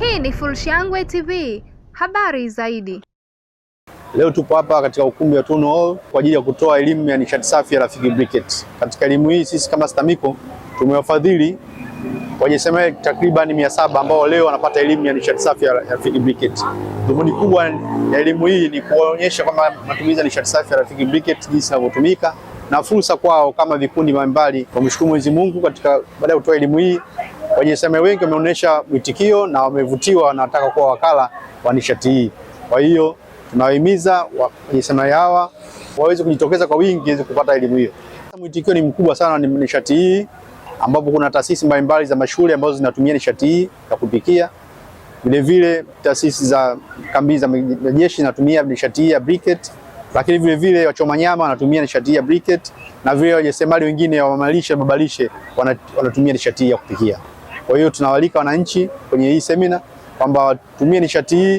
Hii ni Fullshangwe TV, habari zaidi. Leo tupo hapa katika ukumbi wa Tuno Hall kwa ajili ya kutoa elimu ya nishati safi ya Rafiki Briquettes. Katika elimu hii sisi kama STAMICO tumewafadhili wajasiriamali takriban mia saba ambao leo wanapata elimu ya nishati safi ya Rafiki Briquettes. Dhumuni kubwa ya elimu hii ni kuonyesha kwamba matumizi ya nishati safi ya Rafiki Briquettes jinsi inavyotumika na fursa kwao kama vikundi mbalimbali. Wamshukuru Mwenyezi Mungu katika baada ya kutoa elimu hii Wajasiriamali wengi wameonyesha mwitikio na wamevutiwa na wanataka kuwa wakala wa nishati hii. Kwa hiyo tunawahimiza wajasiriamali hawa waweze kujitokeza kwa wingi ili kupata elimu hiyo. Mwitikio ni mkubwa sana ni nishati hii, ambapo kuna taasisi mbalimbali za mashule ambazo zinatumia nishati hii ya kupikia. Vilevile taasisi za kambi za majeshi zinatumia nishati hii ya briquette, lakini vilevile wachoma nyama wanatumia nishati ya briquette, na vile wajasiriamali wengine wa mamalishe babalishe wanatumia nishati ya kupikia. Kwa hiyo tunawalika wananchi kwenye hii semina kwamba watumie nishati hii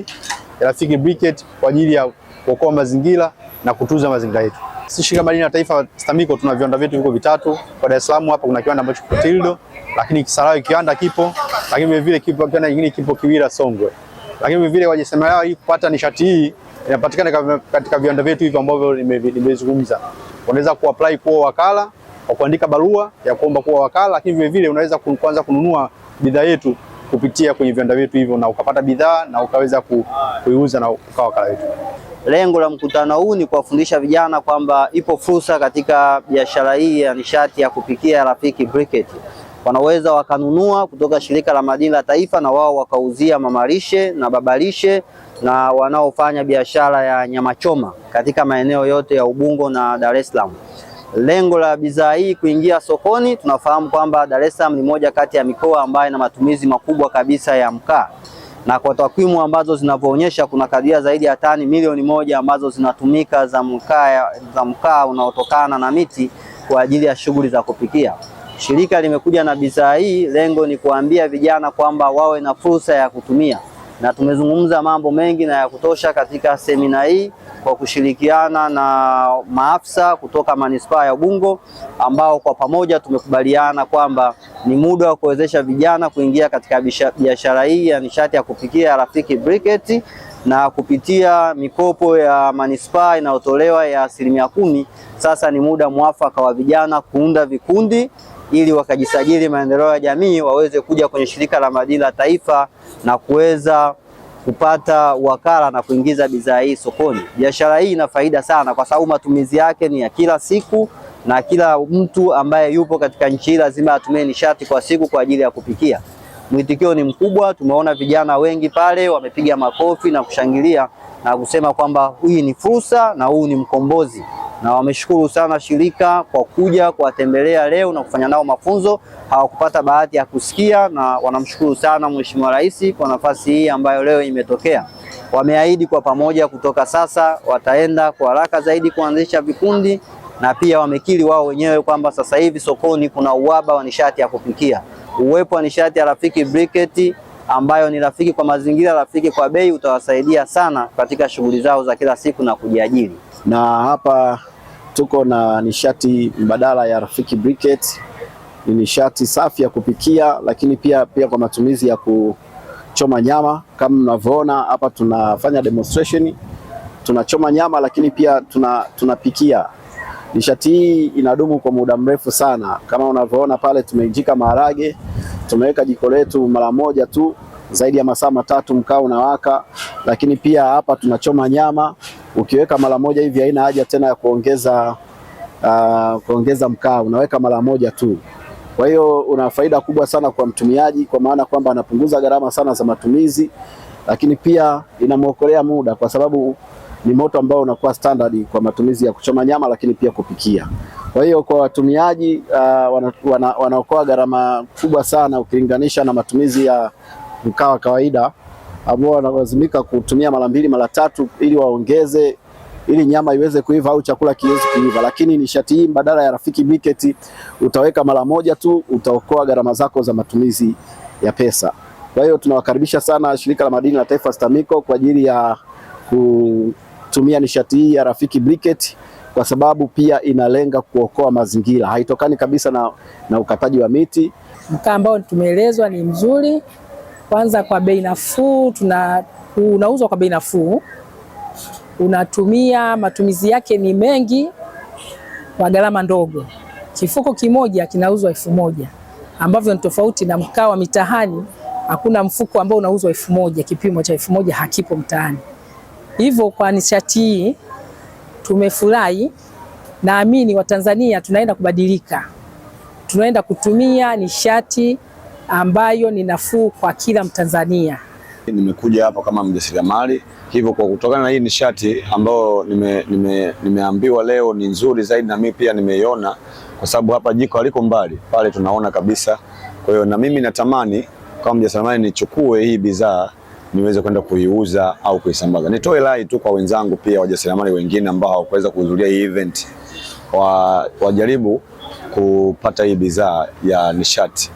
ya Rafiki Briquettes kwa ajili ya kuokoa mazingira na kutunza mazingira yetu. Sisi shirika madini la taifa STAMICO tuna viwanda vyetu viko vitatu. Kwa Dar es Salaam hapa kuna kiwanda ambacho kipo Tildo, lakini Kisarawe kiwanda kipo, lakini vile vile kipo kiwanda kingine kipo Kiwira Songwe. Lakini vile vile wajisema yao hii kupata nishati hii inapatikana katika viwanda vyetu hivi ambavyo nimezungumza. Unaweza kuapply kuwa wakala kwa kuandika barua ya kuomba kuwa wakala, lakini vile vile unaweza kuanza kununua bidhaa yetu kupitia kwenye viwanda vyetu hivyo, na ukapata bidhaa na ukaweza ku, kuiuza na ukawa wakala wetu. Lengo la mkutano huu ni kuwafundisha vijana kwamba ipo fursa katika biashara hii ya nishati ya kupikia Rafiki Briketi. Wanaweza wakanunua kutoka shirika la madini la Taifa na wao wakauzia mamalishe na babalishe na wanaofanya biashara ya nyama choma katika maeneo yote ya Ubungo na Dar es Salaam. Lengo la bidhaa hii kuingia sokoni, tunafahamu kwamba Dar es Salaam ni moja kati ya mikoa ambayo ina matumizi makubwa kabisa ya mkaa, na kwa takwimu ambazo zinavyoonyesha kuna kadiria zaidi ya tani milioni moja ambazo zinatumika za mkaa za mkaa unaotokana na miti kwa ajili ya shughuli za kupikia. Shirika limekuja na bidhaa hii, lengo ni kuambia vijana kwamba wawe na fursa ya kutumia, na tumezungumza mambo mengi na ya kutosha katika semina hii kwa kushirikiana na maafisa kutoka manispaa ya Ubungo ambao kwa pamoja tumekubaliana kwamba ni muda wa kuwezesha vijana kuingia katika biashara hii ya nishati ya kupikia Rafiki Briquettes na kupitia mikopo ya manispaa inayotolewa ya asilimia kumi. Sasa ni muda mwafaka wa vijana kuunda vikundi ili wakajisajili maendeleo ya jamii waweze kuja kwenye shirika la madini la taifa na kuweza kupata wakala na kuingiza bidhaa hii sokoni. Biashara hii ina faida sana, kwa sababu matumizi yake ni ya kila siku na kila mtu ambaye yupo katika nchi hii lazima atumie nishati kwa siku kwa ajili ya kupikia. Mwitikio ni mkubwa, tumeona vijana wengi pale wamepiga makofi na kushangilia na kusema kwamba hii ni fursa na huu ni mkombozi na wameshukuru sana shirika kwa kuja kuwatembelea leo na kufanya nao mafunzo. Hawakupata bahati ya kusikia, na wanamshukuru sana Mheshimiwa Rais kwa nafasi hii ambayo leo imetokea. Wameahidi kwa pamoja, kutoka sasa wataenda kwa haraka zaidi kuanzisha vikundi, na pia wamekiri wao wenyewe kwamba sasa hivi sokoni kuna uhaba wa nishati ya kupikia. Uwepo wa nishati ya rafiki briketi ambayo ni rafiki kwa mazingira, rafiki kwa bei, utawasaidia sana katika shughuli zao za kila siku na kujiajiri. Na hapa tuko na nishati mbadala ya Rafiki Briquettes. Ni nishati safi ya kupikia, lakini pia pia kwa matumizi ya kuchoma nyama. Kama mnavyoona hapa, tunafanya demonstration, tunachoma nyama, lakini pia tuna tunapikia. Nishati hii inadumu kwa muda mrefu sana. Kama unavyoona pale, tumeijika maharage, tumeweka jiko letu mara moja tu zaidi ya masaa matatu mkaa unawaka, lakini pia hapa tunachoma nyama ukiweka mara moja hivi haina haja tena ya kuongeza uh, kuongeza mkaa, unaweka mara moja tu. Kwa hiyo una faida kubwa sana kwa mtumiaji, kwa maana kwamba anapunguza gharama sana za matumizi, lakini pia inamwokolea muda, kwa sababu ni moto ambao unakuwa standard kwa matumizi ya kuchoma nyama, lakini pia kupikia. Kwa hiyo kwa watumiaji uh, wanaokoa gharama kubwa sana ukilinganisha na matumizi ya mkaa wa kawaida ambao wanalazimika kutumia mara mbili mara tatu ili waongeze ili nyama iweze kuiva au chakula kiweze kuiva. Lakini nishati hii badala ya Rafiki Briquettes utaweka mara moja tu, utaokoa gharama zako za matumizi ya pesa. Kwa hiyo tunawakaribisha sana shirika la madini la taifa STAMICO kwa ajili ya kutumia nishati hii ya Rafiki Briquettes kwa sababu pia inalenga kuokoa mazingira, haitokani kabisa na, na ukataji wa miti. Mkaa ambao tumeelezwa ni mzuri, kwanza kwa bei nafuu, tuna unauzwa kwa bei nafuu, unatumia matumizi yake ni mengi kwa gharama ndogo. Kifuko kimoja kinauzwa elfu moja ambavyo ni tofauti na mkaa wa mitaani. Hakuna mfuko ambao unauzwa elfu moja kipimo cha elfu moja hakipo mtaani. Hivyo kwa nishati hii tumefurahi, naamini Watanzania tunaenda kubadilika, tunaenda kutumia nishati ambayo ni nafuu kwa kila Mtanzania. Nimekuja hapa kama mjasiriamali, hivyo kwa kutokana na hii nishati ambayo nime, nime, nimeambiwa leo ni nzuri zaidi, na mimi pia nimeiona kwa sababu hapa jiko haliko mbali pale, tunaona kabisa. Kwa hiyo na mimi natamani kama mjasiriamali nichukue hii bidhaa niweze kwenda kuiuza au kuisambaza. Nitoe rai tu kwa wenzangu pia wajasiriamali wengine ambao hawakuweza kuhudhuria hii event, wajaribu kupata hii bidhaa ya nishati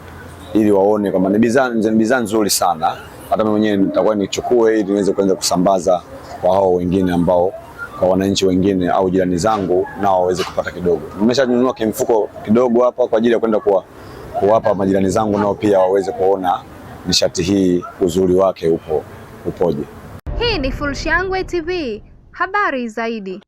ili waone kwamba ni bidhaa nzuri sana. Hata mimi mwenyewe nitakuwa nichukue ili niweze kuanza kusambaza kwa hao wengine ambao kwa wananchi wengine au jirani zangu nao waweze kupata kidogo. Nimeshanunua kimfuko kidogo hapa kwa ajili ya kwenda kuwa kuwapa majirani zangu nao pia waweze kuona nishati hii uzuri wake upo upoje. Hii ni Fullshangwe TV, habari zaidi.